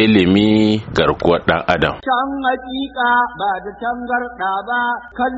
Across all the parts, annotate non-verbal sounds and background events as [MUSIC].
ilimi garkuwar ɗan adam. Can hakika ba da tangarɗa ba kan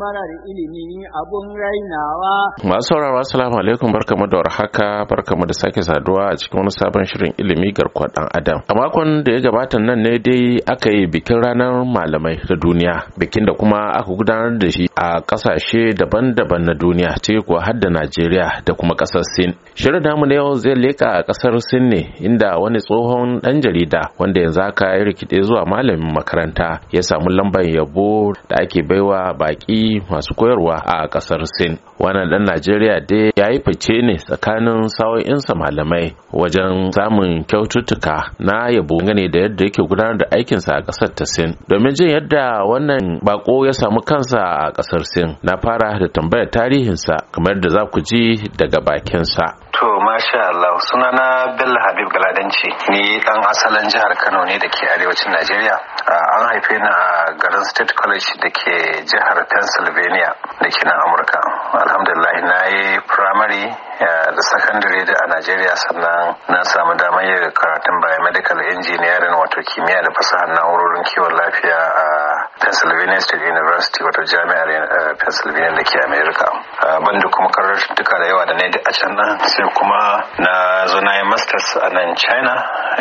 marar ilimi abun rainawa. Masu sauraro assalamu alaikum barkamu da warhaka barkamu da sake saduwa a cikin wani sabon shirin ilimi garkuwar ɗan adam. A makon da ya gabata nan ne dai aka yi bikin ranar malamai da duniya bikin da kuma aka gudanar da shi a ƙasashe daban-daban na duniya ciki kuwa har da Najeriya da kuma ƙasar Sin. Shirin namu na yau zai leka a ƙasar Sin ne inda wani tsohon ɗan jarida wanda yanzu haka ya rikide zuwa malamin makaranta ya samu lambar yabo da ake baiwa baki masu koyarwa a kasar Sin. Wannan dan Najeriya dai ya yi fice ne tsakanin sawa'insa malamai wajen samun kyaututtuka na yabo gane da yadda yake gudanar da aikinsa a kasar ta Sin. Domin jin yadda wannan bako ya samu kansa a kasar Sin na fara da tambayar tarihinsa kamar da za ku ji daga bakinsa. To masha Allah sunana Bello Habib Galadanci ni dan asalin jihar Kano ne da ke arewacin Najeriya. An haife ni a garin State College da ke jihar Pennsylvania da ke nan Amurka. Alhamdulillah na yi primary eh, da secondary da a Najeriya sannan na samu damar yin karatun biomedical engineering wato kimiyya da fasahar na'urorin kiwon lafiya a Pennsylvania State University wato jami'ar eh, Pennsylvania da ke Amerika eh, Ban da kuma karatuka da yawa da na yi a can nan sai kuma na zo na yi masters a nan China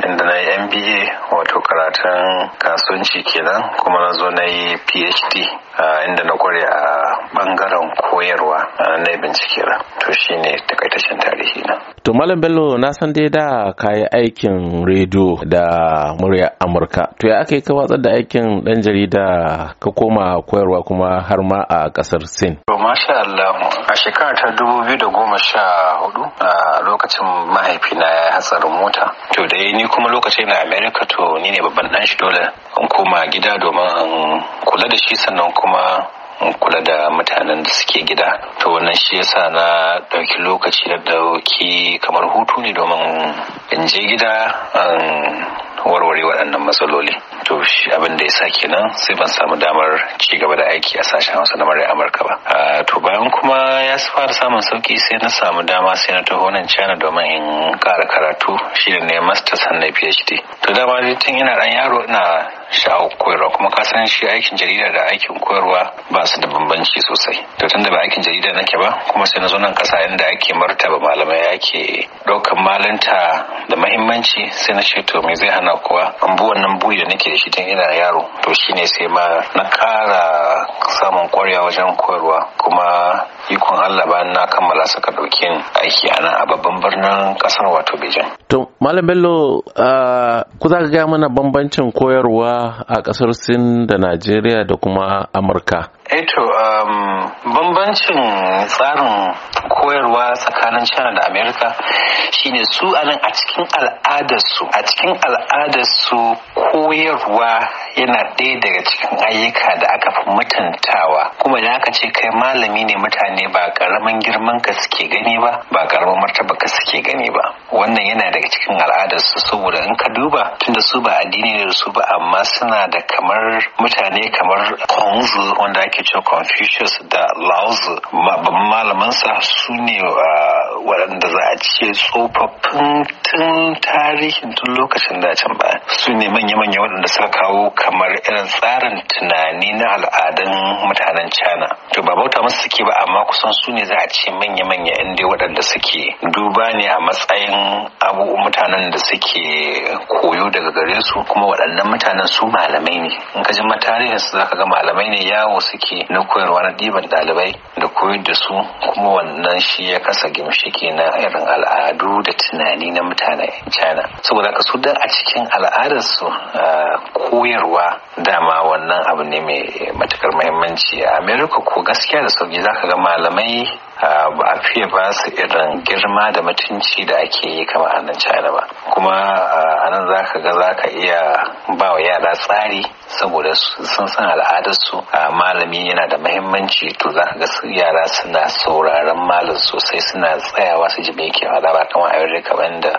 inda na yi MBA wato karatun kasuwanci kenan kuma na zo na yi PhD eh, inda na kware a bangaren koyarwa na bincike na to shine takaitaccen tarihi na to malam bello na san dai da kayi aikin rediyo da murya amurka to ya aka yi ka watsar da aikin dan jarida ka koma koyarwa kuma har ma a kasar sin to masha Allah a shekara ta 2014 a lokacin mahaifina ya hatsarin mota to da ni kuma lokacin na America to ni ne babban dan shi dole in koma gida domin kula da shi sannan kuma kula da mutanen da suke gida to wannan shi yasa na ɗauki lokaci na ɗauki kamar hutu ne domin in je gida an warware waɗannan matsaloli to abin da ya sa kenan sai ban samu damar ci gaba da aiki a sashen hausa na Maryam amurka ba to bayan kuma ya fara samun sauki sai na samu dama sai na taho nan china domin in ƙara karatu shi ne masters sannan phd to dama tun ina ɗan yaro ina sha'awar koyarwa kuma ka san shi aikin jarida da aikin koyarwa ba su da bambanci sosai to tunda ba aikin jarida nake ba kuma sai na zo nan kasa inda ake martaba malamai ake ɗaukan malanta da mahimmanci sai na ce to me zai hana kuwa an bu wannan buri da nake da shi tun ina yaro to shine sai ma na ƙara samun ƙwarewa wajen koyarwa kuma ikon Allah bayan na kammala saka ɗauki aiki a nan a babban birnin ƙasar wato Bejan. To Malam Bello ku za ka gaya mana bambancin koyarwa a ƙasar Sin da Najeriya da kuma Amurka. Eto eh um, bambancin tsarin koyarwa tsakanin China da Amerika shine su anan a cikin al'adarsu a cikin al'adarsu koyarwa yana ɗaya daga cikin ayyuka da aka fi mutuntawa kuma idan aka ce kai malami ne mutane ba karamin girman ka suke gani ba ba karamin martaba ka suke gani ba wannan yana daga cikin al'adar su saboda in ka duba tunda su ba addini ne su ba amma suna da kamar mutane kamar Konzu wanda ake cewa Confucius da Lao malamansa malaman sa su ne ah, waɗanda za a ce tsofaffin tun tarihin tun lokacin dacin baya su ne manya-manya waɗanda suka kawo kamar irin tsarin tunani na al'adun mutanen cana to ba bauta musu suke ba amma kusan su ne za a ce manya-manya inda waɗanda suke duba ne a matsayin abubuwan mutanen da suke koyo daga gare su kuma waɗannan mutanen su malamai ne in ka ji tarihin su zaka ga malamai ne yawo suke na koyarwa na ɗiban ɗalibai da koyar da su kuma wannan shi ya kasa gimshi na irin al'adu da tunani na mutane china saboda ka su dan a cikin al'adarsu ah, koyarwa dama wannan abu ne mai matukar muhimmanci a america ko gaskiya da sauki zaka ga malamai ah, ba a fiye ba su irin girma da mutunci da ake yi kama a nan china ba kuma ah, a nan zaka ga zaka iya ba wa yara tsari saboda sun san al'adarsu a malami yana da mahimmanci to za ga yara suna sauraron malam sosai suna tsayawa su ji me yake faɗa ba kamar a yarda kamar da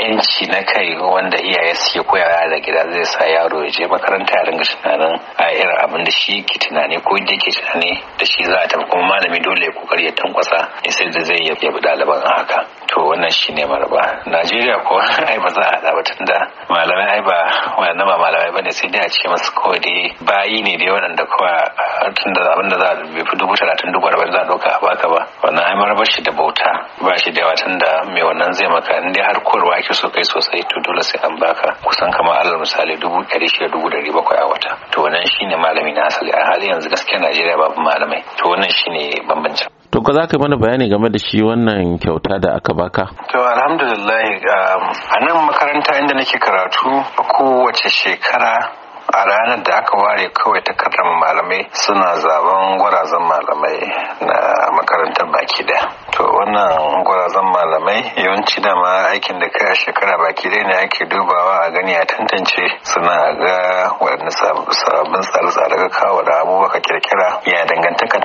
yanci na kai wanda iyaye suke koyawa da gida zai sa yaro ya je makaranta ya ringa tunanin a irin abin da shi ke tunani ko da ke tunani da shi za a tafi kuma malami dole ya kokari ya tankwasa sai da zai yabi ɗaliban a haka to wannan shi ne maraba najeriya ko [LAUGHS] ai ba za a haɗa ba tunda malamai ai ba wayannan ba malamai bane sai dai a ce masu kawai dai bayi ne da da kawai tun da abin da za a bai fi dubu talatin dubu arba'in za a ɗauka a baka ba wannan ai mara bashi da bauta bashi da yawa tun da mai wannan zai maka in dai har korwa ake so kai sosai to dole sai an baka kusan kamar alal misali dubu ɗari shida dubu ɗari bakwai a wata to wannan shine malami na asali a hali yanzu gaskiya Najeriya babu malamai to wannan shine bambancin. To ka za ka mana bayani game da shi wannan kyauta da aka baka? To alhamdulillah um, a nan makaranta inda nake karatu a kowace shekara a ranar da aka ware kawai ta karrama malamai suna zaben gwarazan malamai na makarantar baki da to wannan gwarazan malamai yawanci dama aikin da kai a shekara baki dai ne ake dubawa a gani a tantance suna ga wani sababbin tsare-tsare ga kawo da abubuwa ka kirkira ya dangantaka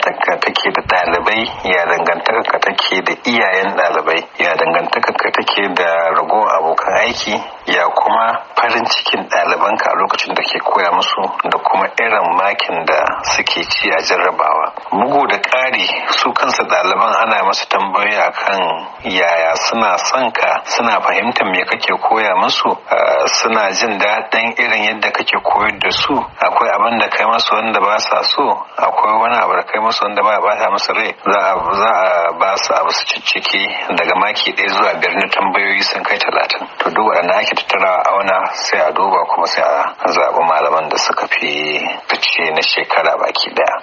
ɗalibai ya dangantaka ka take da iyayen ɗalibai ya dangantaka ka take da ragowar abokan aiki ya kuma farin cikin ɗalibanka a lokacin da ke koya musu da kuma irin makin da suke ci a jarrabawa bugu da ƙari su kansa ɗaliban ana masu tambayoyi akan yaya suna son ka suna fahimtar me kake koya musu eh, suna jin daɗin irin yadda kake koyar da su akwai abin da kai masu wanda ba sa so akwai wani abu da kai masu wanda ba bata masu rai za a ba su abu su cicciki daga maki ɗaya zuwa biyar na tambayoyi sun kai talatin to duk waɗanda ake tattarawa auna sai a duba kuma sai a zaɓi malaman da suka fi fice na shekara baki daya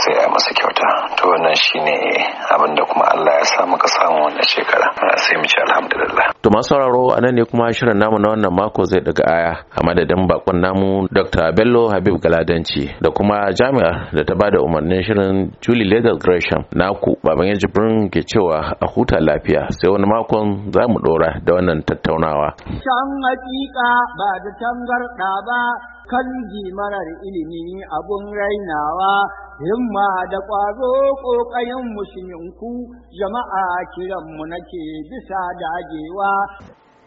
sai a masa kyauta to wannan shine abin da kuma Allah ya sa muka samu wannan shekara sai mu ci alhamdulillah to masu sauraro anan ne kuma shirin namu na wannan mako zai daga aya a madadin bakon namu Dr. Bello Habib Galadanci da kuma Jami'a da ta bada umarnin shirin Julie Legal Gresham naku baban ya jibrin ke cewa a huta lafiya sai wani makon za mu dora da wannan tattaunawa can hakika ba da tangarda ba kanji marar ilimi abun rainawa himma da ƙwazo ƙoƙarin musulminku jama'a kiranmu nake bisa dagewa